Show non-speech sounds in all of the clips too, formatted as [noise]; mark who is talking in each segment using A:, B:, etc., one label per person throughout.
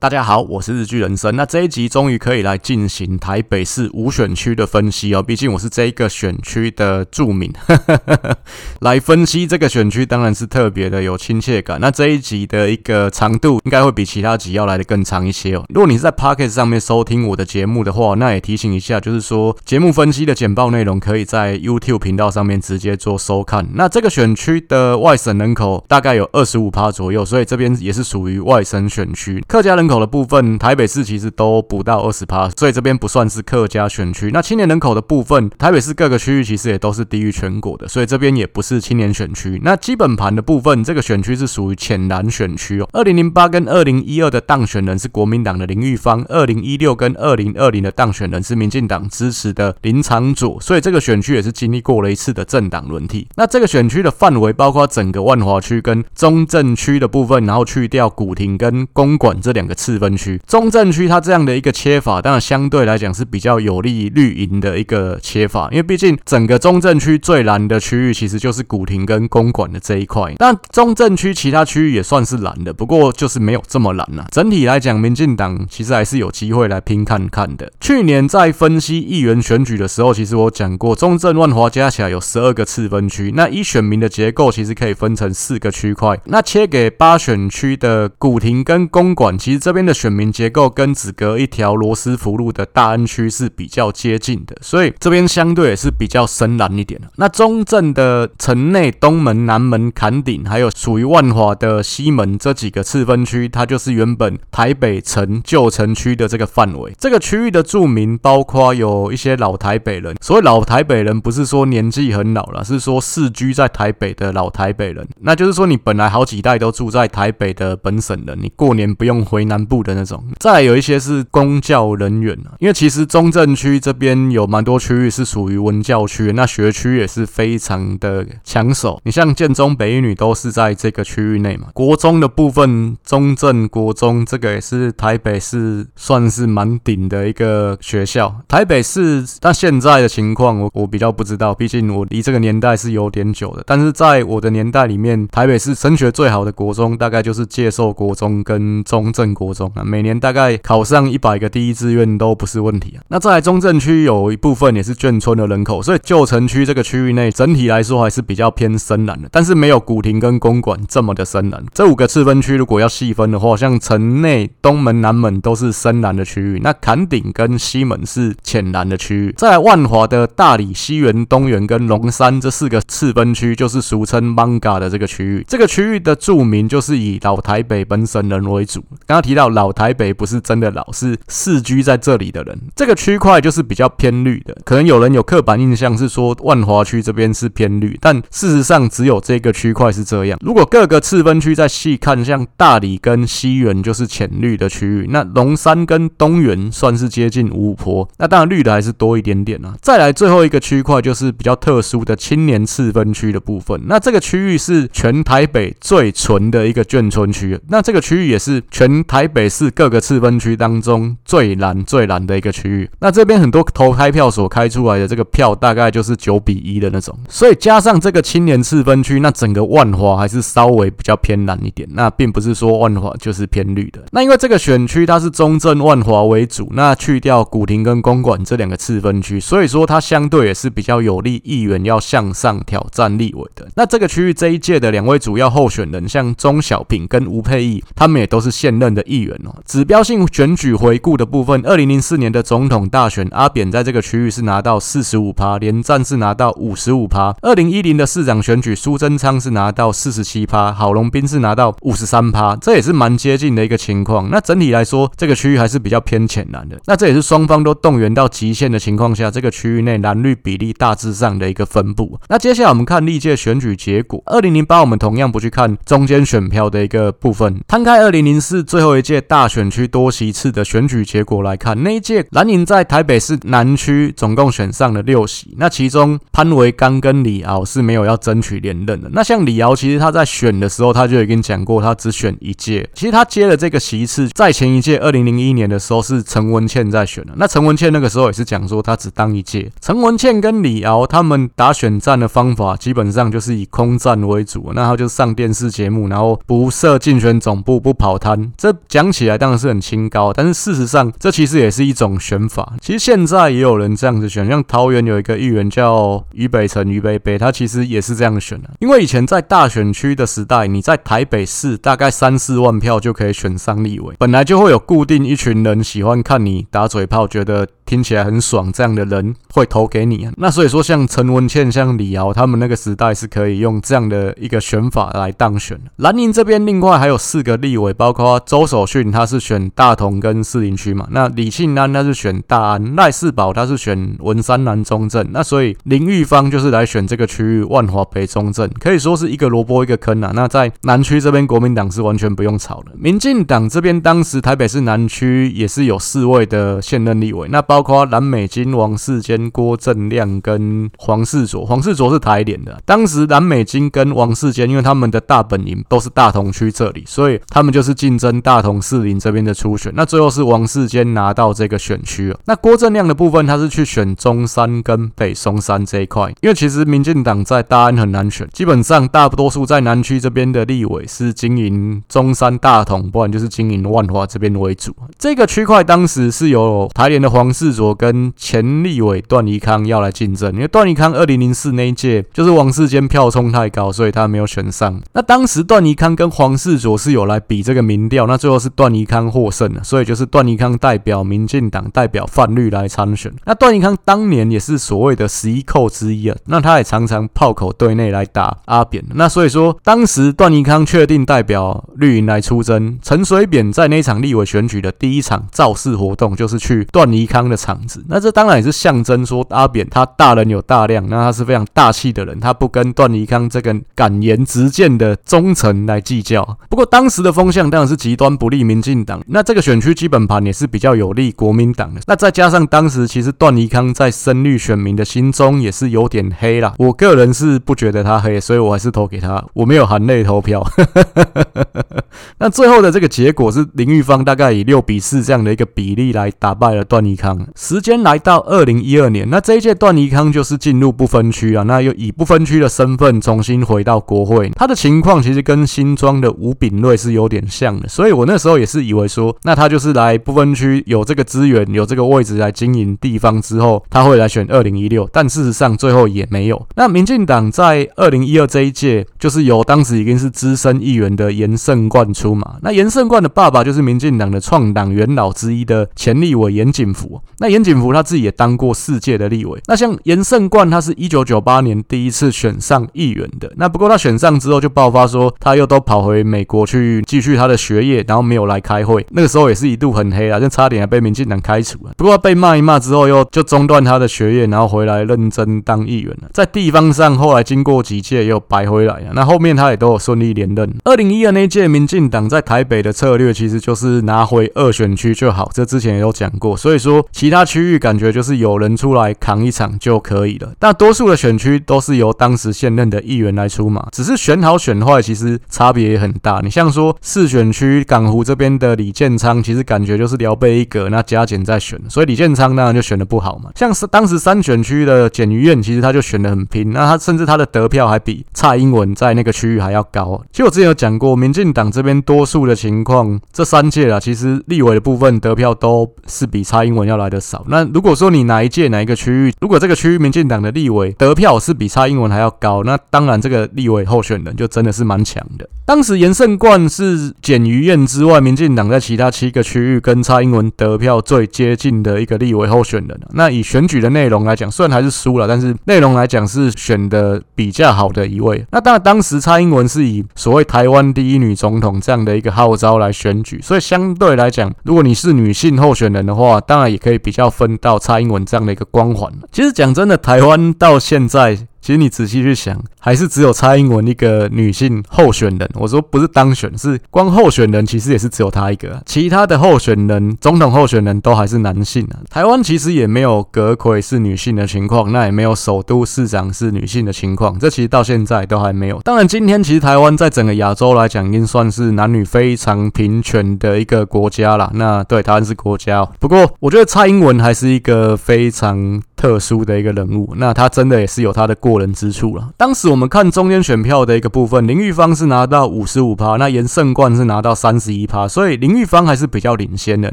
A: 大家好，我是日劇人生。那這一集終於可以來進行台北市五選區的分析哦。畢竟我是這一個選區的住民呵呵呵，來分析這個選區當然是特別的有親切感。那這一集的一個長度應該會比其他集要來的更長一些哦。如果你是在 Podcast 上面收聽我的節目的話，那也提醒一下，就是說節目分析的簡報內容可以在 YouTube 頻道上面直接做收看。那這個選區的外省人口大概有二十五趴左右，所以這邊也是屬於外省選區，客家人。口的部分，台北市其實都不到二十趴，所以這邊不算是客家選區。那青年人口的部分，台北市各個區域其實也都是低於全國的，所以這邊也不是青年選區。那基本盤的部分，這個選區是屬於淺藍選區哦。二零零八跟二零一二的當選人是國民黨的林郁方，二零一六跟二零二零的當選人是民進黨支持的林昶佐，所以這個選區也是經歷過了一次的政黨輪替。那這個選區的範圍包括整個萬華區跟中正區的部分，然後去掉古亭跟公館這兩個。次分區中正區，它這樣的一個切法，當然相對來講是比較有利於綠營的一個切法，因為畢竟整個中正區最藍的區域其實就是古亭跟公館的這一塊，但中正區其他區域也算是藍的，不過就是沒有這麼藍啊。整體來講，民進黨其實還是有機會來拼看看的。去年在分析議員選舉的時候，其實我講過，中正萬華加起來有十二個次分區，那依選民的結構其實可以分成四個區塊，那切給八選區的古亭跟公館，其實。這邊的選民結構跟只隔一條羅斯福路的大安區是比較接近的，所以這邊相對也是比較深藍一點。那中正的城內東門、南門、崁頂，還有屬於萬華的西門這幾個次分區，它就是原本台北城舊城區的這個範圍。這個區域的住民包括有一些老台北人，所謂老台北人不是說年紀很老了，是說世居在台北的老台北人。那就是說你本來好幾代都住在台北的本省人，你過年不用回南，部的那種，再有一些是公教人員，因為其實中正區這邊有蠻多區域是屬於文教區，那學區也是非常的搶手。你像建中、北一女都是在這個區域內嘛。國中的部分，中正國中這個也是台北市算是蠻頂的一個學校。台北市，但現在的情況我，我我比較不知道，畢竟我離這個年代是有點久的。但是在我的年代裡面，台北市升學最好的國中大概就是介壽國中跟中正國中。高中啊，每年大概考上一百個第一志願都不是問題啊。那在中正區有一部分也是眷村的人口，所以舊城區這個區域內整體來說還是比較偏深藍的，但是沒有古亭跟公館這麼的深藍。這五個次分區如果要細分的話，像城內、東門、南門都是深藍的區域，那崁頂跟西門是淺藍的區域。在萬華的大理、西園、東園跟龍山這四個次分區，就是俗稱 Manga 的這個區域。這個區域的住民就是以老台北本省人為主。剛剛提到叫老台北不是真的老，是世居在這裡的人。這個區塊就是比較偏綠的，可能有人有刻板印象是說萬華區這邊是偏綠，但事實上只有這個區塊是這樣。如果各個次分區再細看，像大理跟西園就是淺綠的區域，那龍山跟東園算是接近五五波，那當然綠的還是多一點點啊。再來最後一個區塊就是比較特殊的青年次分區的部分，那這個區域是全台北最純的一個眷村區，那這個區域也是全台北市各個次分區當中最藍最藍的一個區域，那這邊很多投開票所開出來的這個票大概就是九比一的那種，所以加上這個青年次分區，那整個萬華還是稍微比較偏藍一點，那並不是說萬華就是偏綠的。那因為這個選區它是中正萬華為主，那去掉古亭跟公館這兩個次分區，所以說它相對也是比較有利議員要向上挑戰立委的。那這個區域這一屆的兩位主要候選人，像鍾小平跟吳沛憶，他們也都是現任的。議員哦、喔，指標性選舉回顧的部分，二零零四年的總統大選，阿扁在這個區域是拿到四十五趴，連戰是拿到五十五趴。二零一零的市長選舉，蘇貞昌是拿到四十七趴，郝龍斌是拿到五十三趴，這也是蠻接近的一個情況。那整體來說，這個區域還是比較偏淺藍的。那這也是雙方都動員到極限的情況下，這個區域內藍綠比例大致上的一個分布。那接下來我們看歷屆選舉結果，二零零八我們同樣不去看中間選票的一個部分，攤開二零零四最後一個。一屆大選區多席次的選舉結果來看，那一屆藍營在台北市南區總共選上了六席，那其中潘維剛跟李敖是沒有要爭取連任的。那像李敖，其實他在選的時候他就已經講過，他只選一屆。其實他接了這個席次，在前一屆二零零一年的時候是陳文茜在選的。那陳文茜那個時候也是講說他只當一屆。陳文茜跟李敖他們打選戰的方法基本上就是以空戰為主，那他就上電視節目，然後不設競選總部，不跑攤，這。講起來當然是很清高，但是事實上，這其實也是一種選法。其實現在也有人這樣子選，像桃園有一個議員叫於北辰、於北北，他其實也是這樣選的、啊。因為以前在大選區的時代，你在台北市大概三四萬票就可以選上立委，本來就會有固定一群人喜歡看你打嘴炮，覺得聽起來很爽，這樣的人會投給你、啊。那所以說，像陳文茜，像李敖他們那個時代是可以用這樣的一個選法來當選的。藍營這邊另外還有四個立委，包括周守。左迅他是選大同跟士林區嘛，那李慶安他是選大安，賴士葆他是選文山南中正，那所以林郁方就是來選這個區域萬華北中正，可以說是一個蘿蔔一個坑啊。那在南區這邊，國民黨是完全不用吵的。民進黨這邊當時台北市南區也是有四位的現任立委，那包括藍美金、王世堅、郭正亮跟黃適卓，黃適卓是台聯的、啊，當時藍美金跟王世堅因為他們的大本營都是大同區這裡，所以他們就是競爭大同。董士林這邊的初選，那最後是王世堅拿到這個選區啊。那郭正亮的部分，他是去選中山跟北松山這一塊，因為其實民進黨在大安很難選，基本上大多數在南區這邊的立委是經營中山大同，不然就是經營萬華這邊為主。這個區塊當時是由台聯的黃世卓跟前立委段宜康要來競爭，因為段宜康二零零四那一屆就是王世堅票衝太高，所以他沒有選上。那當時段宜康跟黃世卓是有來比這個民調，那最後。是段宜康獲勝了，所以就是段宜康代表民進黨代表泛綠來參選。那段宜康當年也是所謂的十一寇之一啊，那他也常常炮口對內來打阿扁。那所以說，當時段宜康確定代表綠營來出征，陳水扁在那場立委選舉的第一場造勢活動，就是去段宜康的場子。那這當然也是象徵說，阿扁他大人有大量，那他是非常大氣的人，他不跟段宜康這個敢言直諫的忠臣來計較。不過當時的風向當然是極端不。不利民進黨，那這個選區基本盤也是比較有利國民黨的。那再加上當時其實段宜康在深綠選民的心中也是有點黑啦，我個人是不覺得他黑，所以我還是投給他。我沒有含淚投票。 [laughs] 那最後的這個結果是林郁方大概以六比四這樣的一個比例來打敗了段宜康。時間來到二零一二年，那這一屆段宜康就是進入不分區啊，那又以不分區的身份重新回到國會。他的情況其實跟新莊的吳秉叡是有點像的，所以我那。時候也是以為說，那他就是來不分區有這個資源有這個位置來經營地方之後，他會來選二零一六。但事實上最後也沒有。那民進黨在二零一二這一屆，就是由當時已經是資深議員的顏聖冠出馬。那顏聖冠的爸爸就是民進黨的創黨元老之一的前立委顏錦福。那顏錦福他自己也當過四屆的立委。那像顏聖冠，他是一九九八年第一次選上議員的。那不過他選上之後就爆發說，他又都跑回美國去繼續他的學業，然後。沒有來開會，那個時候也是一度很黑啊，就差點還被民進黨開除了。不過被罵一罵之後，又就中斷他的學業，然後回來認真當議員了。在地方上，後來經過幾屆又白回來了。那後面他也都有順利連任。二零一二那屆民進黨在台北的策略其實就是拿回二選區就好，這之前也有講過。所以說其他區域感覺就是有人出來扛一場就可以了。那多數的選區都是由當時現任的議員來出馬，只是選好選壞其實差別也很大。你像說四選區港湖。這邊的李建昌其實感覺就是聊備一格，那加減再選，所以李建昌當然就選的不好嘛。像是當時三選區的簡余晏，其實他就選的很拼，那他甚至他的得票還比蔡英文在那個區域還要高。其實我之前有講過，民進黨這邊多數的情況，這三屆啊，其實立委的部分得票都是比蔡英文要來的少。那如果說你哪一屆哪一個區域，如果這個區域民進黨的立委得票是比蔡英文還要高，那當然這個立委候選人就真的是蠻強的。當時顏聖冠是簡余晏之外。另外，民進黨在其他七個區域跟蔡英文得票最接近的一個立委候選人啊。那以選舉的內容來講，雖然還是輸了，但是內容來講是選得比較好的一位。那當然，當時蔡英文是以所謂“台灣第一女總統”這樣的一個號召來選舉，所以相對來講，如果你是女性候選人的話，當然也可以比較分到蔡英文這樣的一個光環。其實講真的，台灣到現在。其實你仔細去想，還是只有蔡英文一個女性候選人。我說不是當選，是光候選人，其實也是只有她一個啊。其他的候選人，總統候選人都還是男性啊。台灣其實也沒有閣揆是女性的情況，那也沒有首都市長是女性的情況，這其實到現在都還沒有。當然，今天其實台灣在整個亞洲來講，已經算是男女非常平權的一個國家啦。那，對，台灣是國家哦。不過，我覺得蔡英文還是一個非常。特殊的一個人物，那他真的也是有他的過人之處了。當時我們看中間選票的一個部分，林郁方是拿到五十五趴，那顏聖冠是拿到三十一趴，所以林郁方還是比較領先的。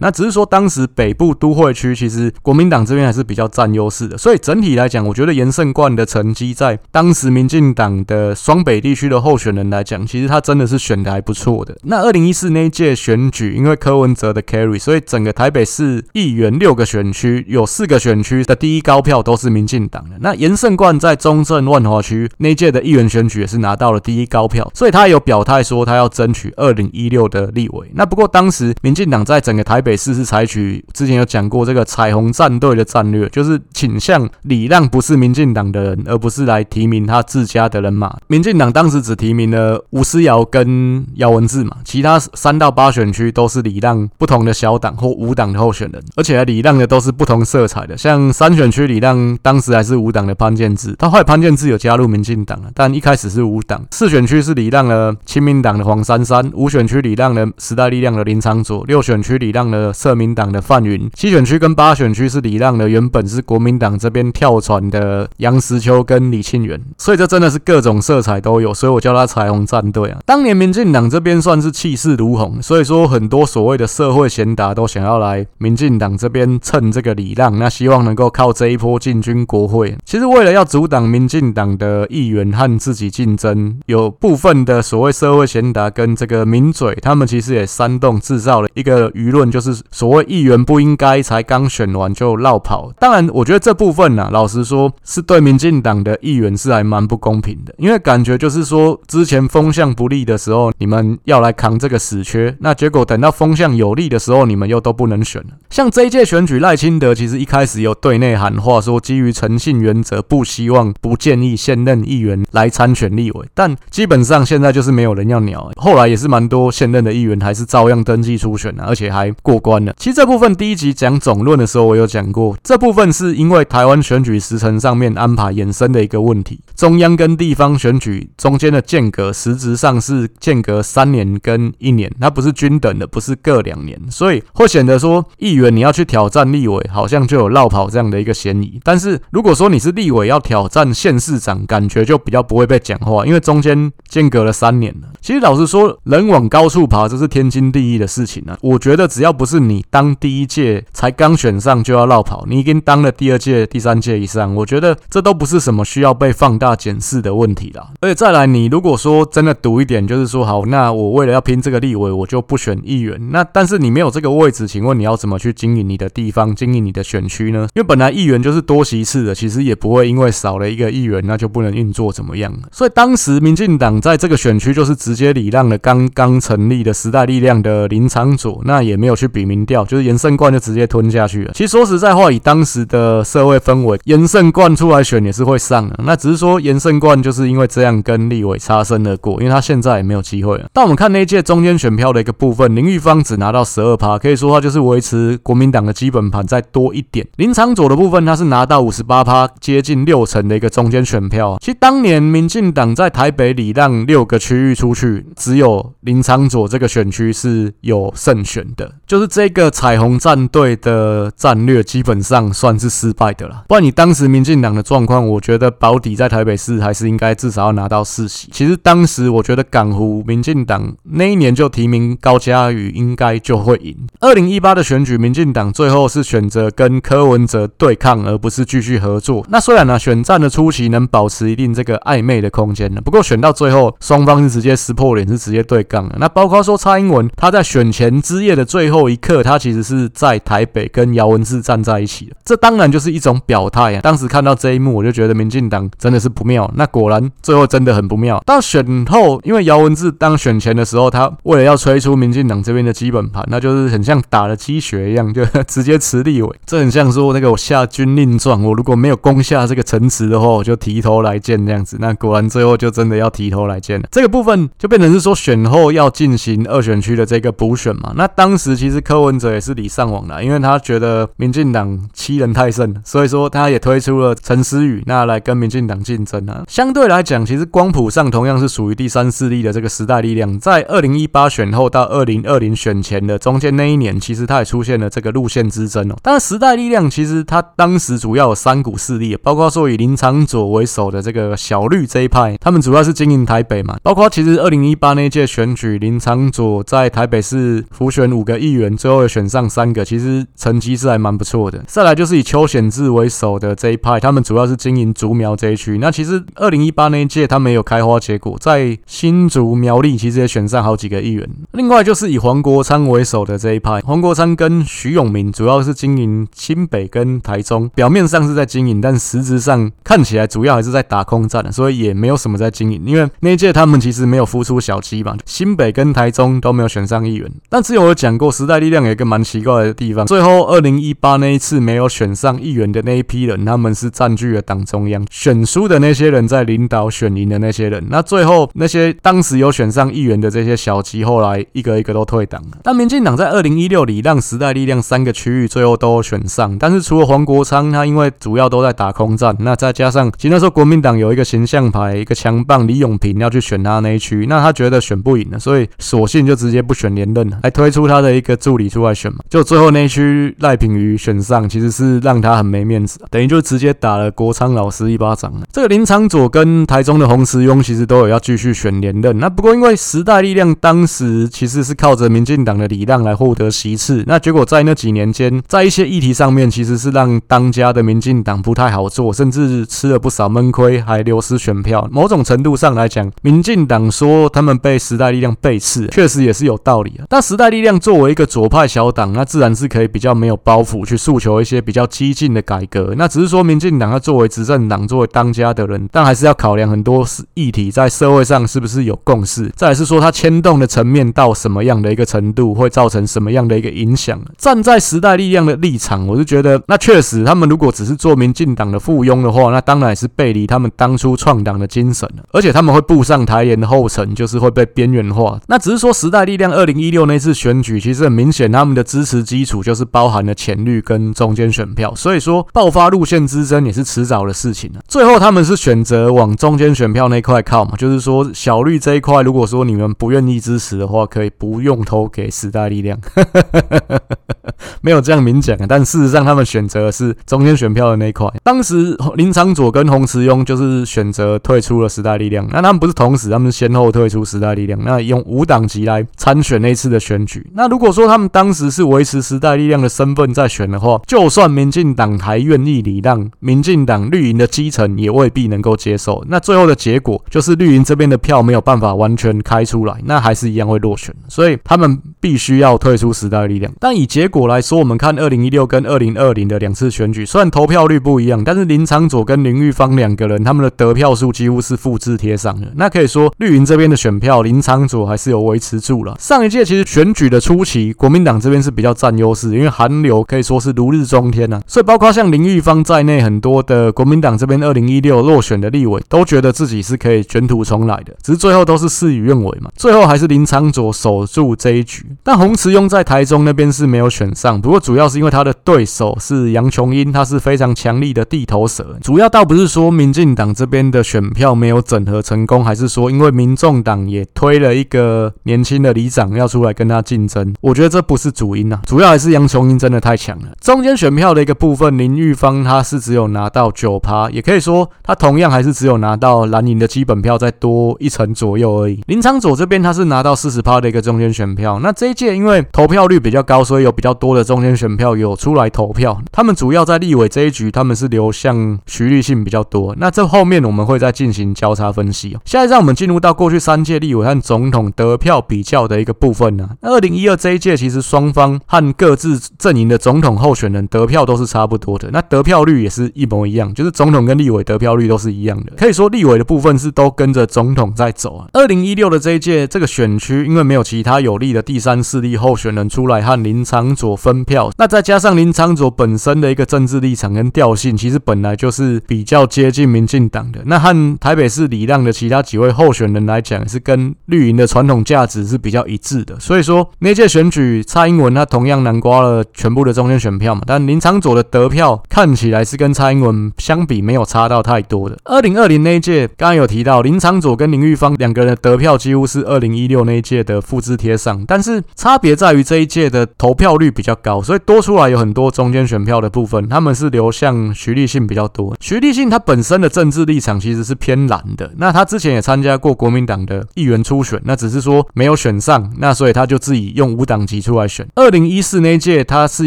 A: 那只是說當時北部都會區其實國民黨這邊還是比較占優勢的，所以整體來講，我覺得顏聖冠的成績在當時民進黨的雙北地區的候選人來講，其實他真的是選的還不錯的。那二零一四那一屆選舉，因為柯文哲的 carry，所以整個台北市議員六個選區有四個選區的第一高。高票都是民進黨的。那顏聖冠在中正萬華區那屆的議員選舉也是拿到了第一高票，所以他有表態說他要爭取二零一六的立委。那不過當時民進黨在整個台北市是採取之前有講過這個彩虹戰隊的戰略，就是傾向禮讓不是民進黨的人，而不是來提名他自家的人馬。民進黨當時只提名了吳思瑤跟姚文智嘛，其他三到八選區都是禮讓不同的小黨或無黨的候選人，而且禮讓的都是不同色彩的，像三選區。禮讓當時還是無黨的潘建志，他後來潘建志有加入民進黨，但一開始是無黨。四選區是禮讓了親民黨的黃珊珊，五選區禮讓了時代力量的林昶佐，六選區禮讓了社民黨的范雲，七選區跟八選區是禮讓了原本是國民黨這邊跳船的楊石秋跟李慶元，所以這真的是各種色彩都有，所以我叫他彩虹戰隊啊。當年民進黨這邊算是氣勢如虹，所以說很多所謂的社會賢達都想要來民進黨這邊蹭這個禮讓，那希望能夠靠這。一波進軍國會，其實為了要阻擋民進黨的議員和自己競爭，有部分的所謂社會賢達跟這個名嘴，他們其實也煽動制造了一個輿論，就是所謂議員不應該才剛選完就落跑。當然，我覺得這部分呢、啊，老實說是對民進黨的議員是還蠻不公平的，因為感覺就是說之前風向不利的時候，你們要來扛這個死缺，那結果等到風向有利的時候，你們又都不能選了。像這一屆選舉，賴清德其實一開始有對內喊，喊話、話說，基於誠信原則，不希望、不建議現任議員來參選立委。但基本上現在就是沒有人要鳥。後來也是蠻多現任的議員還是照樣登記初選了啊，而且還過關了。其實這部分第一集講總論的時候，我有講過，這部分是因為台灣選舉時程上面安排衍生的一個問題。中央跟地方選舉中間的間隔，實質上是間隔三年跟一年，它不是均等的，不是各兩年，所以會顯得說議員你要去挑戰立委，好像就有落跑這樣的一個嫌。你但是，如果說你是立委要挑戰縣市長，感覺就比較不會被講話，因為中間間隔了三年了。其實老實說，人往高處爬，這是天經地義的事情啊。我覺得只要不是你當第一屆才剛選上就要落跑，你已經當了第二屆、第三屆以上，我覺得這都不是什麼需要被放大檢視的問題啦。而且再來，你如果說真的賭一點，就是說好，那我為了要拼這個立委，我就不選議員。那但是你沒有這個位置，請問你要怎麼去經營你的地方、經營你的選區呢？因為本來議員。就是多席次的，其實也不會因為少了一個議員，那就不能運作怎麼樣。所以當時民進黨在這個選區就是直接禮讓了剛剛成立的時代力量的林昶佐，那也沒有去比民調，就是顏聖冠就直接吞下去了。其實說實在話，以當時的社會氛圍，顏聖冠出來選也是會上的，那只是說顏聖冠就是因為這樣跟立委擦身而過，因為他現在也沒有機會了。但我們看那一屆中間選票的一個部分，林郁方只拿到十二趴，可以說他就是維持國民黨的基本盤再多一點。林昶佐的部分呢？他他是拿到五十八趴，接近六成的一個中間選票。其實當年民進黨在台北禮讓六個區域出去，只有林昶佐這個選區是有勝選的，就是這個彩虹戰隊的戰略基本上算是失敗的啦。不然你當時民進黨的狀況，我覺得保底在台北市還是應該至少要拿到四席。其實當時我覺得港湖民進黨那一年就提名高嘉瑜應該就會贏。二零一八的選舉，民進黨最後是選擇跟柯文哲對抗。而不是繼續合作。那雖然呢、啊，選戰的初期能保持一定這個曖昧的空間呢，不過選到最後，雙方是直接撕破臉，是直接對槓的。那包括說蔡英文，他在選前之夜的最後一刻，他其實是在台北跟姚文智站在一起的。這當然就是一種表態啊，當時看到這一幕，我就覺得民進黨真的是不妙。那果然最後真的很不妙。到選後，因為姚文智當選前的時候，他為了要吹出民進黨這邊的基本盤，那就是很像打了雞血一樣，就呵呵直接辭立委。這很像說那個我下軍。軍令狀，我如果沒有攻下這個城池的話，我就提頭來見這樣子。那果然最後就真的要提頭來見了。這個部分就變成是說，選後要進行二選區的這個補選嘛。那當時其實柯文哲也是禮尚往來、啊，因為他覺得民進黨欺人太甚，所以說他也推出了陳思宇，那來跟民進黨競爭啊。相對來講，其實光譜上同樣是屬於第三勢力的這個時代力量，在二零一八選後到二零二零選前的中間那一年，其實他也出現了這個路線之爭哦。但是時代力量其實他當當時主要有三股勢力，包括說以林昶佐為首的這個小綠這一派，他們主要是經營台北嘛。包括其實二零一八那一屆選舉，林昶佐在台北市輔選五個議員，最後也選上三個，其實成績是還蠻不錯的。再來就是以邱顯智為首的這一派，他們主要是經營竹苗這一區。那其實二零一八那一屆他沒有開花結果，在新竹苗栗其實也選上好幾個議員。另外就是以黃國昌為首的這一派，黃國昌跟徐永明主要是經營新北跟台中。表面上是在經營，但實質上看起來主要還是在打空戰，所以也沒有什麼在經營。因為那一屆他們其實沒有孵出小雞嘛。新北跟台中都沒有選上議員。但之前我講過，時代力量有一個蠻奇怪的地方：最後二零一八那一次沒有選上議員的那一批人，他們是佔據了黨中央；選輸的那些人在領導選贏的那些人。那最後那些當時有選上議員的這些小雞，後來一個一個都退黨了。但民進黨在二零一六裡讓時代力量三個區域最後都選上，但是除了黃國昌當他因為主要都在打空戰，那再加上，其實那時候國民黨有一個形象牌，一個強棒李永平要去選他那一區，那他覺得選不贏了，所以索性就直接不選連任了，來推出他的一個助理出來選嘛。就最後那一區賴品妤選上，其實是讓他很沒面子啊，等於就直接打了國昌老師一巴掌。這個林昶佐跟台中的洪慈庸其實都有要繼續選連任，那不過因為時代力量當時其實是靠着民進黨的禮讓來獲得席次，那結果在那幾年間，在一些議題上面其實是讓當。當家的民進黨不太好做，甚至吃了不少悶虧，還流失選票。某種程度上來講，民進黨說他們被時代力量背刺，確實也是有道理啊。但時代力量作為一個左派小黨，那自然是可以比較沒有包袱去訴求一些比較激進的改革。那只是說民進黨要作為執政黨，作為當家的人，但還是要考量很多議題在社會上是不是有共識，再來是說他牽動的層面到什麼樣的一個程度，會造成什麼樣的一個影響。站在時代力量的立場，我就覺得那確實他。他們如果只是做民進黨的附庸的話，那當然也是背離他們當初創黨的精神了。而且他們會步上台聯的後塵，就是會被邊緣化。那只是說時代力量二零一六那次選舉，其實很明顯他們的支持基礎就是包含了淺綠跟中間選票，所以說爆發路線之爭也是遲早的事情了。最後他們是選擇往中間選票那塊靠嘛，就是說小綠這一塊，如果說你們不願意支持的話，可以不用投給時代力量。 [laughs] 沒有這樣明講，但事實上他們選擇的是。中間選票的那塊，當時林昶佐跟洪慈庸就是選擇退出了時代力量。那他們不是同時，他們是先後退出時代力量，那用無黨籍來參選那次的選舉。那如果說他們當時是維持時代力量的身份在選的話，就算民進黨還願意禮讓，民進黨綠營的基層也未必能夠接受。那最後的結果就是綠營這邊的票沒有辦法完全開出來，那還是一樣會落選。所以他們必須要退出時代力量。但以結果來說，我們看二零一六跟二零二零的兩次選。選舉雖然投票率不一樣，但是林昶佐跟林郁方兩個人，他們的得票數幾乎是複製貼上的。那可以說綠營這邊的選票，林昶佐還是有維持住了。上一屆其實選舉的初期，國民黨這邊是比較占優勢，因為韓流可以說是如日中天啊。所以包括像林郁方在內，很多的國民黨這邊二零一六落選的立委，都覺得自己是可以卷土重來的，只是最後都是事與願違嘛。最後還是林昶佐守住這一局，但洪慈庸在台中那邊是沒有選上，不過主要是因為他的對手是楊瓊因他是非常強力的地頭蛇，主要倒不是說民進黨這邊的選票沒有整合成功，還是說因為民眾黨也推了一個年輕的里長要出來跟他競爭？我覺得這不是主因啊，主要還是楊瓊英真的太強了。中間選票的一個部分，林郁方他是只有拿到九趴，也可以說他同樣還是只有拿到藍營的基本票再多一成左右而已。林昶佐這邊他是拿到四十趴的一個中間選票。那這一屆因為投票率比較高，所以有比較多的中間選票有出來投票，他們主要是。在立委這一局，他們是流向徐立信比較多。那這後面我們會再進行交叉分析。現在讓我們進入到過去三屆立委和總統得票比較的一個部分呢。二零一二這一屆，其實雙方和各自陣營的總統候選人得票都是差不多的，那得票率也是一模一樣，就是總統跟立委得票率都是一樣的。可以說立委的部分是都跟着總統在走啊。二零一六的這一屆，這個選區因為沒有其他有力的第三勢力候選人出來和林昶佐分票，那再加上林昶佐本身的一個，政治立場跟調性其實本來就是比較接近民進黨的，那和台北市禮讓的其他幾位候選人來講，是跟綠營的傳統價值是比較一致的。所以說那屆選舉蔡英文他同樣難刮了全部的中間選票嘛，但林昶佐的得票看起來是跟蔡英文相比沒有差到太多的。二零二零那一屆剛剛有提到林昶佐跟林郁方兩個人的得票幾乎是二零一六那一屆的複製貼上，但是差別在於這一屆的投票率比較高，所以多出來有很多中間選票的部分。他們是流向徐立信比較多。徐立信他本身的政治立場其實是偏藍的。那他之前也參加過國民黨的議員初選，那只是說沒有選上，那所以他就自己用無黨籍出來選。二零一四那一屆他是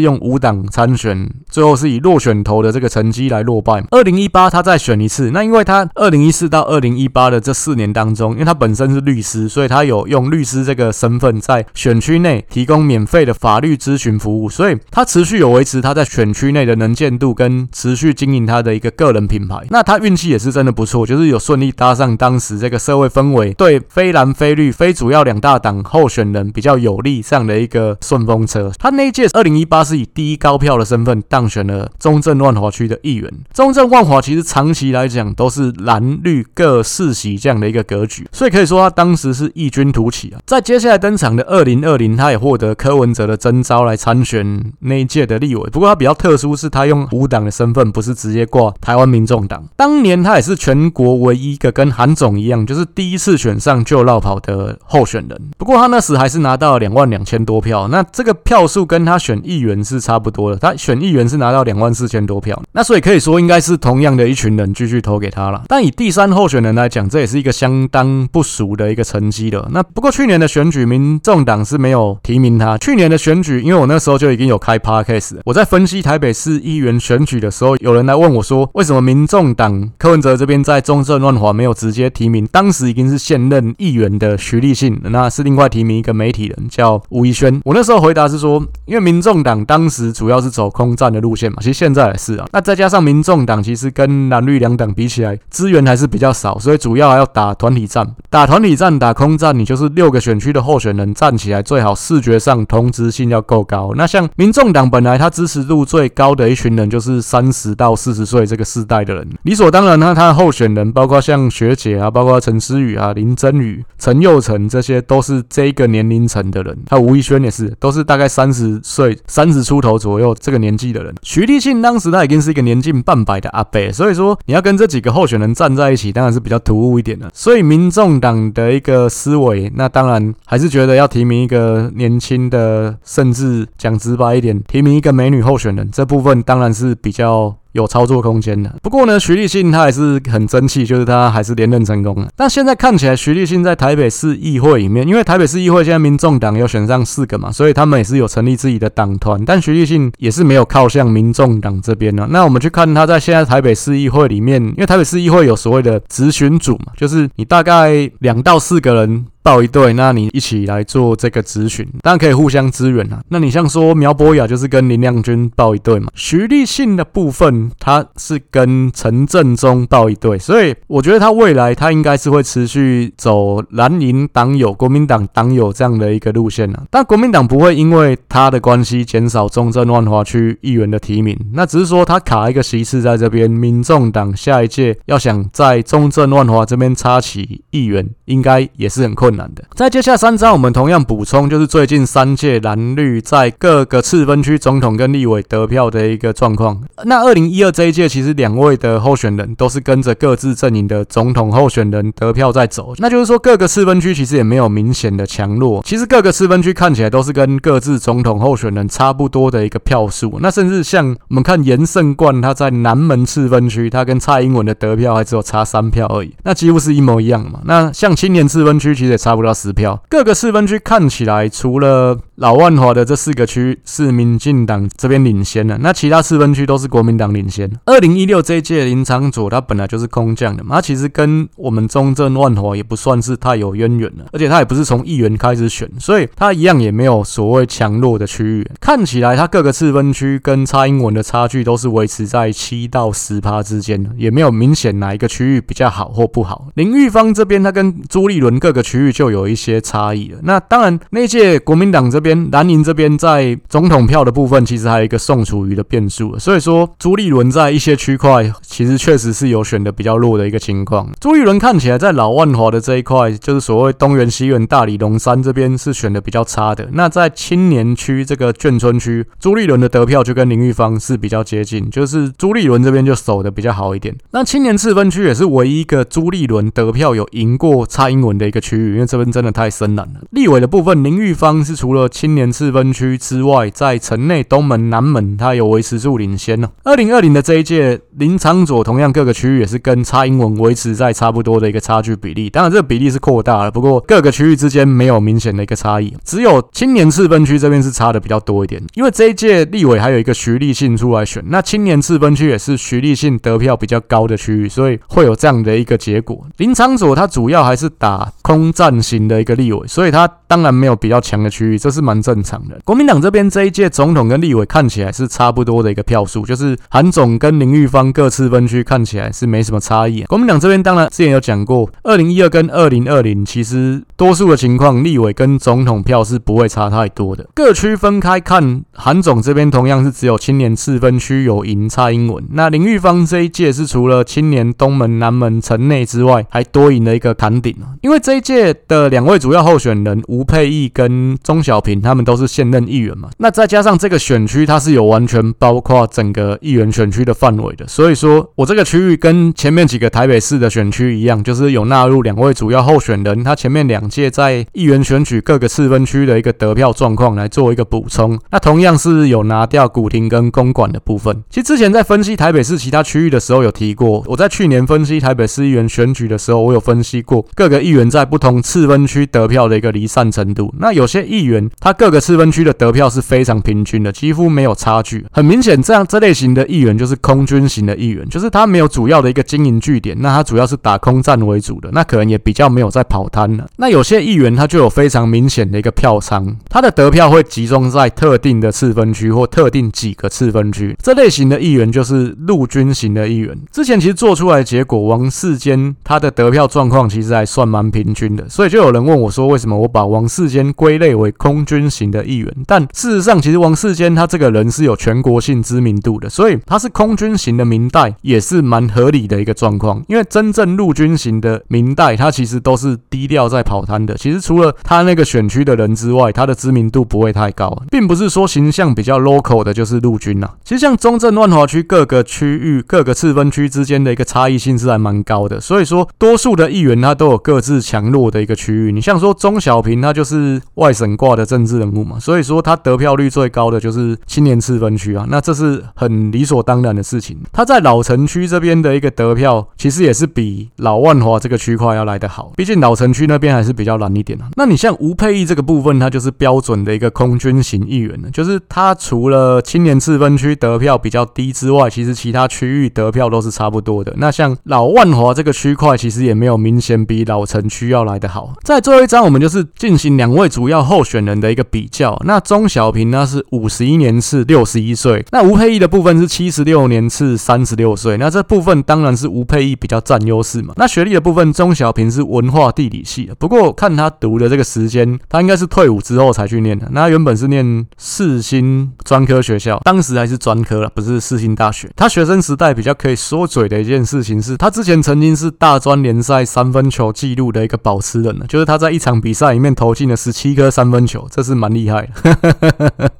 A: 用無黨參選，最後是以落選頭的這個成績來落敗。二零一八他再選一次，那因為他二零一四到二零一八的這四年當中，因為他本身是律師，所以他有用律師這個身份在選區內提供免費的法律諮詢服務，所以他持續有維持他在選區內的能。能見度跟持續經營他的一個個人品牌，那他運氣也是真的不錯，就是有順利搭上當時這個社會氛圍對非藍非綠非主要兩大黨候選人比較有利這樣的一個順風車。他那一屆二零一八是以第一高票的身份當選了中正萬華區的議員。中正萬華其實長期來講都是藍綠各世襲這樣的一個格局，所以可以說他當時是異軍突起啊。在接下來登場的二零二零，他也獲得柯文哲的徵召來參選那一屆的立委。不過他比較特殊是，他他用無黨的身份，不是直接掛台灣民眾黨。當年他也是全國唯一一個跟韓總一樣，就是第一次選上就落跑的候選人。不過他那時還是拿到兩萬兩千多票，那這個票數跟他選議員是差不多的。他選議員是拿到兩萬四千多票，那所以可以說應該是同樣的一群人繼續投給他了。但以第三候選人來講，這也是一個相當不俗的一個成績的。那不過去年的選舉，民眾黨是沒有提名他。去年的選舉，因為我那時候就已經有開 Podcast 我在分析台北市。議員選舉的時候，有人來問我說：“為什麼民眾黨柯文哲這邊在中正萬華沒有直接提名？當時已經是現任議員的徐立信，那是另外提名一個媒體人叫吳怡萱。我那時候回答是說：“因為民眾黨當時主要是走空戰的路線嘛，其實現在也是啊。那再加上民眾黨其實跟藍綠兩黨比起來，資源還是比較少，所以主要還要打團體戰、打團體戰、打空戰。你就是六個選區的候選人站起來，最好視覺上同質性要夠高。那像民眾黨本來他支持度最高的。”一群人就是三十到四十歲這個世代的人，理所當然呢、啊。他的候選人包括像學姐啊，包括陳思宇啊、林真雨、陳佑成，這些都是這個年齡層的人。還有吳一軒也是，都是大概三十歲、三十出頭左右這個年紀的人。徐立信當時他已經是一個年近半百的阿伯，所以說你要跟這幾個候選人站在一起，當然是比較突兀一點的。所以民眾黨的一個思維，那當然還是覺得要提名一個年輕的，甚至講直白一點，提名一個美女候選人這部分。當然是比較。有操作空間的。不過呢，徐立信他還是很爭氣，就是他還是連任成功了。但現在看起來，徐立信在台北市議會裡面，因為台北市議會現在民眾黨有選上四個嘛，所以他們也是有成立自己的黨團。但徐立信也是沒有靠向民眾黨這邊呢。那我們去看他在現在台北市議會裡面，因為台北市議會有所謂的質詢組嘛，就是你大概兩到四個人報一隊，那你一起來做這個質詢。當然可以互相支援啊。那你像說苗博雅就是跟林亮君報一隊嘛，徐立信的部分。他是跟陳振中到一隊，所以我覺得他未來他應該是會持續走藍營黨友、國民黨黨友這樣的一個路線了、啊。但國民黨不會因為他的關係減少中正萬華區議員的提名，那只是說他卡一個席次在這邊。民眾黨下一屆要想在中正萬華這邊插旗議員，應該也是很困難的。在接下來三張，我們同樣補充，就是最近三屆藍綠在各個次分區總統跟立委得票的一個狀況。那二零一二這一屆，其實兩位的候選人都是跟着各自陣營的總統候選人得票在走。那就是說，各個次分區其實也沒有明顯的強弱。其實各個次分區看起來都是跟各自總統候選人差不多的一個票數。那甚至像我們看顏聖冠，他在南門次分區，他跟蔡英文的得票還只有差三票而已，那幾乎是一模一樣嘛。那像。青年次分區其實也差不到十票，各個次分區看起來，除了老萬華的這四個區是民進黨這邊領先的，那其他次分區都是國民黨領先。二零一六這一屆林昶佐他本來就是空降的嘛，他其實跟我們中正萬華也不算是太有淵源了，而且他也不是從議員開始選，所以他一樣也沒有所謂強弱的區域。看起來他各個次分區跟蔡英文的差距都是維持在七到十趴之間，也沒有明顯哪一個區域比較好或不好。林郁方這邊他跟朱立倫各個區域就有一些差異了。那當然，那屆國民黨這邊、藍營這邊，在總統票的部分，其實還有一個宋楚瑜的變數了。所以說，朱立倫在一些區塊，其實確實是有選的比較弱的一個情況。朱立倫看起來在老萬華的這一塊，就是所謂東園、西園、大理、龍山這邊是選的比較差的。那在青年區這個眷村區，朱立倫的得票就跟林玉芳是比較接近，就是朱立倫這邊就守的比較好一點。那青年次分區也是唯一一個朱立倫得票有贏過。蔡英文的一個區域，因為這邊真的太深藍了。立委的部分，林郁方是除了青年次分區之外，在城內東門、南門，它有維持住領先呢。二零二零的這一屆，林昶佐同樣各個區域也是跟蔡英文維持在差不多的一個差距比例，當然這個比例是擴大了，不過各個區域之間沒有明顯的一個差異，只有青年次分區這邊是差的比較多一點，因為這一屆立委還有一個徐立信出來選，那青年次分區也是徐立信得票比較高的區域，所以會有這樣的一個結果。林昶佐他主要還是打空戰型的一個立委，所以他當然沒有比較強的區域，這是蠻正常的。國民黨這邊這一屆總統跟立委看起來是差不多的一個票數，就是韓總跟林郁方各次分區看起來是沒什麼差異。國民黨這邊當然之前有講過，二零一二跟二零二零其實多數的情況，立委跟總統票是不會差太多的。各區分開看，韓總這邊同樣是只有青年次分區有贏蔡英文，那林郁方這一屆是除了青年東門、南門、城內之外，還多贏了一個坎頂。因為這一屆的兩位主要候選人吳沛憶跟鍾小平，他們都是現任議員嘛。那再加上這個選區，它是有完全包括整個議員選區的範圍的。所以說我這個區域跟前面幾個台北市的選區一樣，就是有納入兩位主要候選人他前面兩屆在議員選舉各個次分區的一個得票狀況來做一個補充。那同樣是有拿掉古亭跟公館的部分。其實之前在分析台北市其他區域的時候有提過，我在去年分析台北市議員選舉的時候，我有分析過。各個議員在不同次分區得票，的一個離散程度，那有些議員他各個次分區的得票是非常平均的，幾乎沒有差距。很明顯，這樣這類型的議員就是空軍型的議員，就是他沒有主要的一個經營據點，那他主要是打空戰為主的，那可能也比較沒有在跑攤了。那有些議員他就有非常明顯的一個票倉，他的得票會集中在特定的次分區或特定幾個次分區，這類型的議員就是陸軍型的議員。之前其實做出來的結果，王世堅他的得票狀況其實在。算蠻平均的，所以就有人問我說，為什麼我把王世堅歸類為空軍型的議員？但事實上，其實王世堅他這個人是有全國性知名度的，所以他是空軍型的民代也是蠻合理的一個狀況。因為真正陸軍型的民代，他其實都是低調在跑攤的。其實除了他那個選區的人之外，他的知名度不會太高啊，並不是說形象比較 local 的就是陸軍啊。其實像中正萬華區各個區域、各個次分區之間的一個差異性是還蠻高的，所以說多數的議員他都有。各自強弱的一個區域，你像說鍾小平，他就是外省掛的政治人物嘛，所以說他得票率最高的就是青年次分區啊，那這是很理所當然的事情。他在老城區這邊的一個得票，其實也是比老萬華這個區塊要來得好，畢竟老城區那邊還是比較藍一點啊。那你像吳沛憶這個部分，他就是標準的一個空軍型議員呢，就是他除了青年次分區得票比較低之外，其實其他區域得票都是差不多的。那像老萬華這個區塊，其實也沒有明顯比。老城區要來的好。在最後一張，我們就是進行兩位主要候選人的一個比較。那鍾小平呢，是五十一年次六十一歲，那吳沛憶的部分是七十六年次三十六歲。那這部分當然是吳沛憶比較佔優勢嘛。那學歷的部分，鍾小平是文化地理系的，不過看他讀的這個時間，他應該是退伍之後才去念的。那他原本是念世新專科學校，當時還是專科啦，不是世新大學。他學生時代比較可以說嘴的一件事情是，他之前曾經是大專聯賽三分球記錄的一個保持人呢，就是他在一場比賽裡面投進了十七顆三分球，這是蠻厲害的。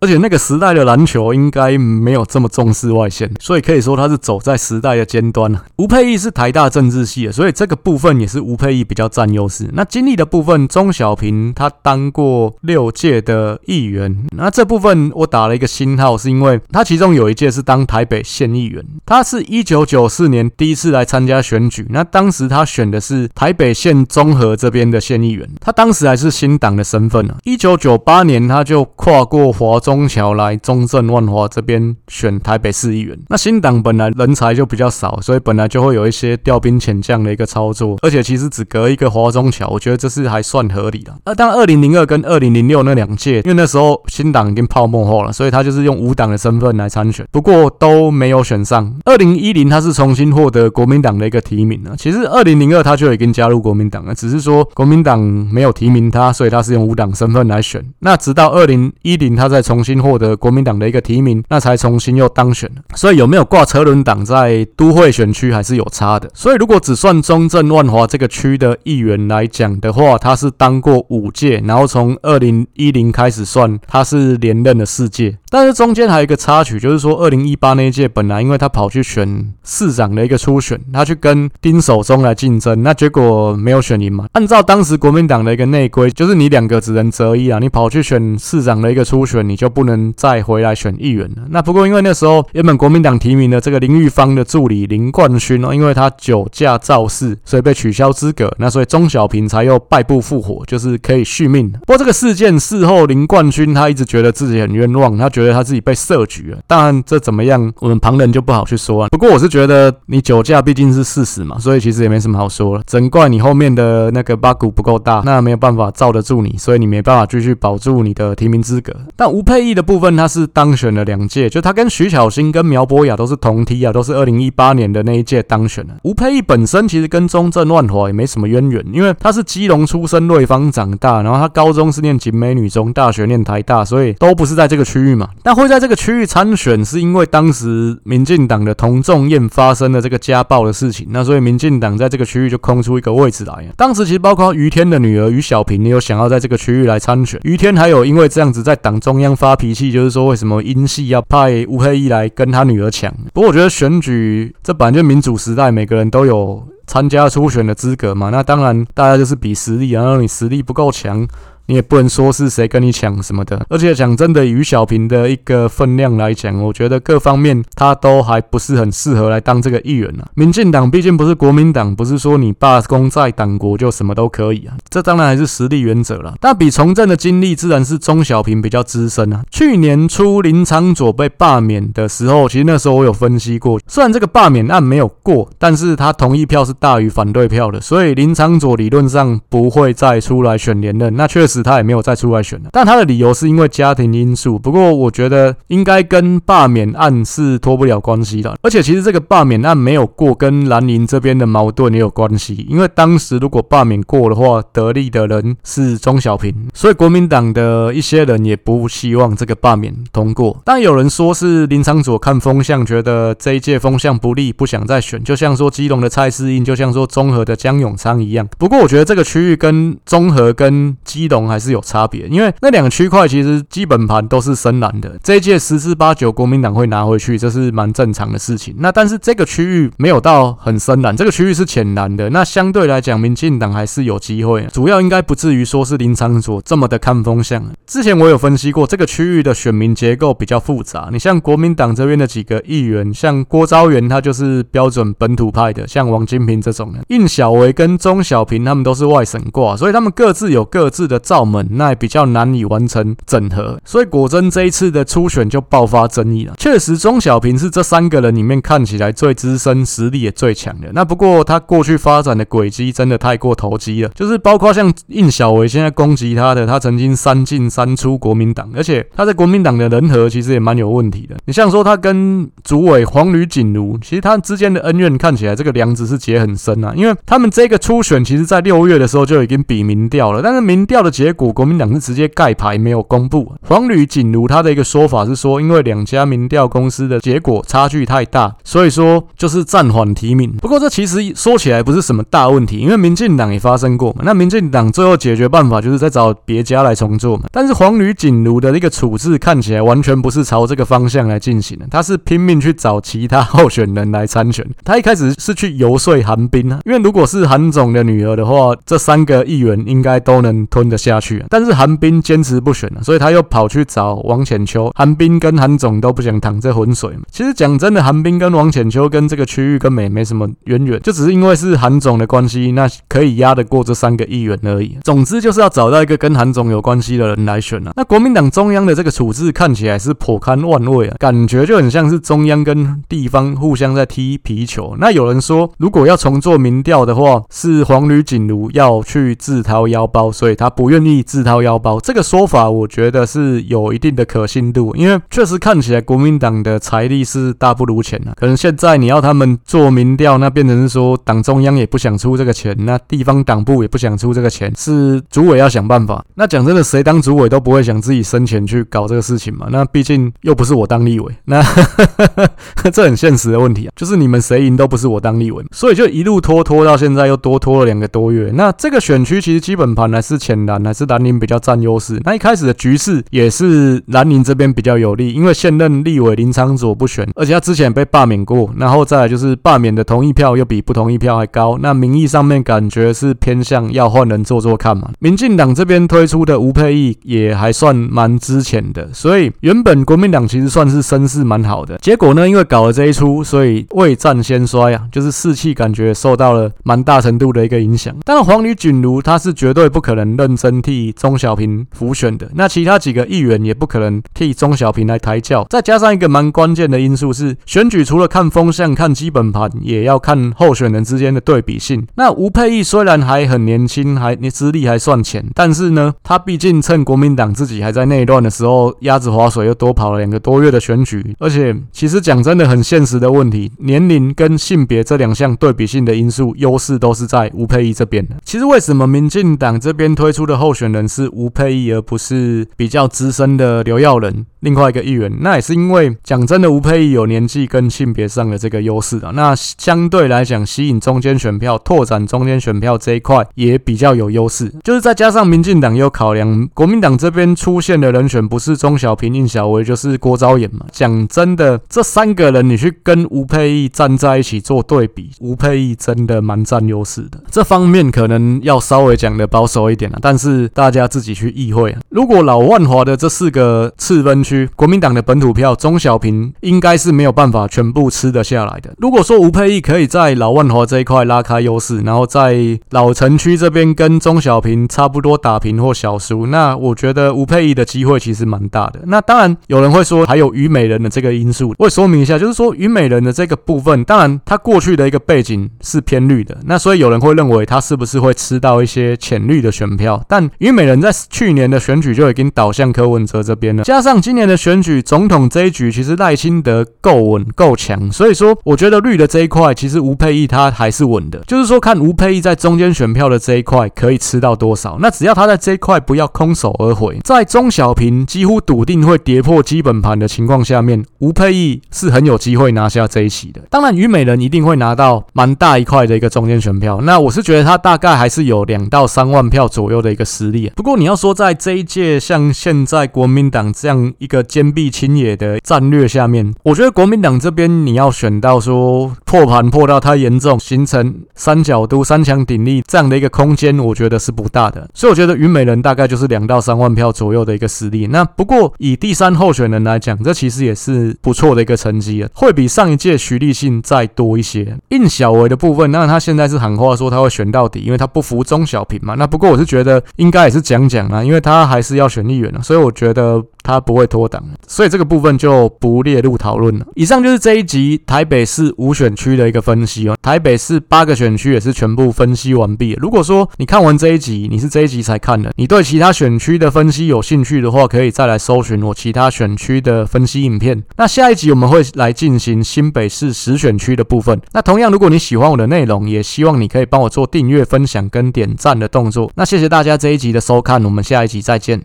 A: 而且那個時代的籃球應該沒有這麼重視外線，所以可以說他是走在時代的尖端。吳沛憶是台大政治系的，所以這個部分也是吳沛憶比較占優勢。那經歷的部分，鍾小平他當過六屆的議員，那這部分我打了一個星號，是因為他其中有一屆是當台北縣議員，他是一九九四年第一次來參加選舉，那當時他選的是台北縣中和這邊的縣議員，他當時還是新黨的身份呢。一九九八年他就跨過華中橋來中正萬華這邊選台北市議員。那新黨本來人才就比較少，所以本來就會有一些調兵遣將的一個操作。而且其實只隔一個華中橋，我覺得這是還算合理的。而當二零零二跟二零零六那兩屆，因為那時候新黨已經泡沫化了，所以他就是用無黨的身份來參選，不過都沒有選上。二零一零他是重新獲得國民黨的一個提名了。其實二零零二他就已經加入國民黨了，只是說國民黨沒有提名他，所以他是用無黨身份來選。那直到二零一零他。再重新獲得國民黨的一個提名，那才重新又當選。所以有沒有掛車輪黨在都會選區還是有差的。所以如果只算中正萬華這個區的議員來講的話，他是當過五屆，然後從二零一零開始算，他是連任了四屆。但是中間還有一個插曲，就是說二零一八那一屆，本來因為他跑去選市長的一個初選，他去跟丁守中來競爭，那結果沒有選贏嘛。按照當時國民黨的一個內規，就是你兩個只能擇一啊，你跑去選市長的一個初選。你就不能再回來選議員了。那不過，因為那時候原本國民黨提名的這個林玉芳的助理林冠勳哦，因為他酒駕肇事，所以被取消資格。那所以，鍾小平才又敗部復活，就是可以續命。不過，這個事件事後，林冠勳他一直覺得自己很冤枉，他覺得他自己被設局了。但這怎麼樣，我們旁人就不好去說。啊。不過，我是覺得你酒駕畢竟是事實嘛，所以其實也沒什麼好說了。整怪你後面的那個八股不夠大，那沒有辦法罩得住你，所以你沒辦法繼續保住你的提名資格。但吳佩憶的部分，他是當選了兩屆，就他跟徐巧芯、跟苗博雅都是同梯啊，都是二零一八年的那一屆當選的啊。吳佩憶本身其實跟中正萬華也沒什麼淵源，因為他是基隆出生、瑞芳長大，然後他高中是念景美女中，大學念台大，所以都不是在這個區域嘛。但會在這個區域參選，是因為當時民進黨的童仲彥發生了這個家暴的事情，那所以民進黨在這個區域就空出一個位置來啊。當時其實包括余天的女兒余筱萍，也有想要在這個區域來參選。余天還有因為這樣子在黨中。發脾氣就是說，為什麼英系要派烏黑伊來跟他女兒搶？不過我覺得選舉這本來就民主時代，每個人都有參加初選的資格嘛。那當然，大家就是比實力，然後你實力不夠強。你也不能說是誰跟你搶什麼的，而且講真的，鍾小平的一個分量來講，我覺得各方面他都還不是很適合來當這個議員啊。民進黨畢竟不是國民黨，不是說你罷工在黨國就什麼都可以啊。這當然還是實力原則了。那比從政的經歷，自然是鍾小平比較資深啊。去年初林昶佐被罷免的時候，其實那時候我有分析過，雖然這個罷免案沒有過，但是他同意票是大於反對票的，所以林昶佐理論上不會再出來選連任。那確實。他也沒有再出來選了，但他的理由是因為家庭因素。不過我覺得應該跟罷免案是脫不了關係的。而且其實這個罷免案沒有過，跟藍營這邊的矛盾也有關係。因為當時如果罷免過的話，得利的人是鍾小平，所以國民黨的一些人也不希望這個罷免通過。但有人說是林昶佐看風向，覺得這一屆風向不利，不想再選，就像說基隆的蔡適應，就像說中和的江永昌一樣。不過我覺得這個區域跟中和跟基隆，還是有差別，因為那兩個區塊其實基本盤都是深藍的。這一屆十之八九國民黨會拿回去，這是蠻正常的事情。那但是這個區域沒有到很深藍，這個區域是淺藍的。那相對來講，民進黨還是有機會，主要應該不至於說是林昶佐這麼的看風向。之前我有分析過，這個區域的選民結構比較複雜。你像國民黨這邊的幾個議員，像郭昭元，他就是標準本土派的；像王金平這種人，應曉薇跟鍾小平他們都是外省掛，所以他們各自有各自的。趙門那也比較難以完成整合，所以果真這一次的初選就爆發爭議了。確實，鍾小平是這三個人裡面看起來最資深、實力也最強的。那不過他過去發展的軌跡真的太過投機了，就是包括像應曉薇現在攻擊他的，他曾經三進三出國民黨，而且他在國民黨的人和其實也蠻有問題的。你像說他跟主委黃呂錦茹，其實他之間的恩怨看起來這個梁子是結很深啊，因為他們這個初選其實在六月的時候就已經比民調了，但是民調的。結果國民黨是直接蓋牌，沒有公布。黃呂錦茹，他的一個說法是說，因為兩家民調公司的結果差距太大，所以說就是暫緩提名。不過這其實說起來不是什麼大問題，因為民進黨也發生過嘛。那民進黨最後解決辦法就是再找別家來重做嘛。但是黃呂錦茹的一個處置看起來完全不是朝這個方向來進行的，他是拼命去找其他候選人來參選。他一開始是去游說韓冰啊，因為如果是韓總的女兒的話，這三個議員應該都能吞得下下去，但是韓冰堅持不選了、啊，所以他又跑去找王淺秋。韓冰跟韓總都不想淌這渾水嘛。其實講真的，韓冰跟王淺秋跟這個區域根本也沒什麼淵源，就只是因為是韓總的關係，那可以壓得過這三個議員而已。總之就是要找到一個跟韓總有關係的人來選了、啊。那國民黨中央的這個處置看起來是頗堪玩味啊，感覺就很像是中央跟地方互相在踢皮球。那有人說，如果要重做民調的話，是黃呂錦茹要去自掏腰包，所以他不願。自掏腰包這個說法，我覺得是有一定的可信度，因為確實看起來國民黨的財力是大不如前啊。可能現在你要他們做民調，那變成是說黨中央也不想出這個錢，那地方黨部也不想出這個錢，是主委要想辦法。那講真的，誰當主委都不會想自己生前去搞這個事情嘛。那畢竟又不是我當立委，那 [laughs] 這很現實的問題啊，就是你們誰贏都不是我當立委，所以就一路拖拖到現在，又多拖了兩個多月。那這個選區其實基本盤還是淺藍還是藍營比較佔優勢。那一開始的局勢也是藍營這邊比較有利，因為現任立委林昶佐不選，而且他之前也被罷免過。然後再來就是罷免的同意票又比不同意票還高，那民意上面感覺是偏向要換人做做看嘛。民進黨這邊推出的吳沛憶也還算蠻值錢的，所以原本國民黨其實算是聲勢蠻好的。結果呢，因為搞了這一出，所以未戰先衰啊，就是士氣感覺受到了蠻大程度的一個影響。但黃呂錦茹她是絕對不可能認真。替鍾小平輔選的，那其他幾個議員也不可能替鍾小平來抬轎，再加上一個蠻關鍵的因素是，選舉除了看風向、看基本盤，也要看候選人之間的對比性。那吳沛憶雖然還很年輕，還資歷還算淺，但是呢，他畢竟趁國民黨自己還在內亂的時候，鴨子划水又多跑了兩個多月的選舉，而且其實講真的很現實的問題，年齡跟性別這兩項對比性的因素優勢都是在吳沛憶這邊的。其實，為什麼民進黨這邊推出的候候選人是吳沛憶，而不是比較資深的劉耀仁。另外一個議員，那也是因為講真的，吳沛憶有年紀跟性別上的這個優勢啊。那相對來講，吸引中間選票、拓展中間選票這一塊也比較有優勢。就是再加上民進黨有考量國民黨這邊出現的人選不是鍾小平、應曉薇，就是郭昭巖嘛。講真的，這三個人你去跟吳沛憶站在一起做對比，吳沛憶真的蠻佔優勢的。這方面可能要稍微講的保守一點了，啊，但是。大家自己去議會、啊。如果老萬華的這四個次分區，國民黨的本土票，鍾小平應該是沒有辦法全部吃得下來的。如果說吳沛憶可以在老萬華這一塊拉開優勢，然後在老城區這邊跟鍾小平差不多打平或小輸，那我覺得吳沛憶的機會其實蠻大的。那當然有人會說，還有於美人的這個因素。我也說明一下，就是說於美人的這個部分，當然他過去的一個背景是偏綠的，那所以有人會認為他是不是會吃到一些淺綠的選票，但於美人在去年的選舉就已經倒向柯文哲這邊了，加上今年的選舉總統這一局，其實賴清德夠穩夠強，所以說我覺得綠的這一塊其實吳沛憶他還是穩的，就是說看吳沛憶在中間選票的這一塊可以吃到多少，那只要他在這一塊不要空手而回，在鍾小平幾乎篤定會跌破基本盤的情況下面，吳沛憶是很有機會拿下這一席的。當然於美人一定會拿到蠻大一塊的一個中間選票，那我是覺得他大概還是有兩到三萬票左右的一個。實力。不過你要說在這一屆，像現在國民黨這樣一個堅壁清野的戰略下面，我覺得國民黨這邊你要選到說破盤破到太嚴重，形成三角都三強鼎立這樣的一個空間，我覺得是不大的。所以我覺得於美人大概就是兩到三萬票左右的一個實力。那不過以第三候選人來講，這其實也是不錯的一個成績啊，會比上一屆徐立信再多一些。應曉薇的部分，那他現在是喊話說他會選到底，因為他不服鍾小平嘛。那不過我是覺得。應該也是講講啊，因為他還是要選議員了，所以我覺得。它不會脫檔，所以這個部分就不列入討論了。以上就是這一集台北市五選區的一個分析哦、喔，台北市八個選區也是全部分析完畢。如果說你看完這一集，你是這一集才看的，你對其他選區的分析有興趣的話，可以再來搜尋我其他選區的分析影片。那下一集我們會來進行新北市十選區的部分。那同樣，如果你喜歡我的內容，也希望你可以幫我做訂閱、分享跟點讚的動作。那謝謝大家這一集的收看，我們下一集再見。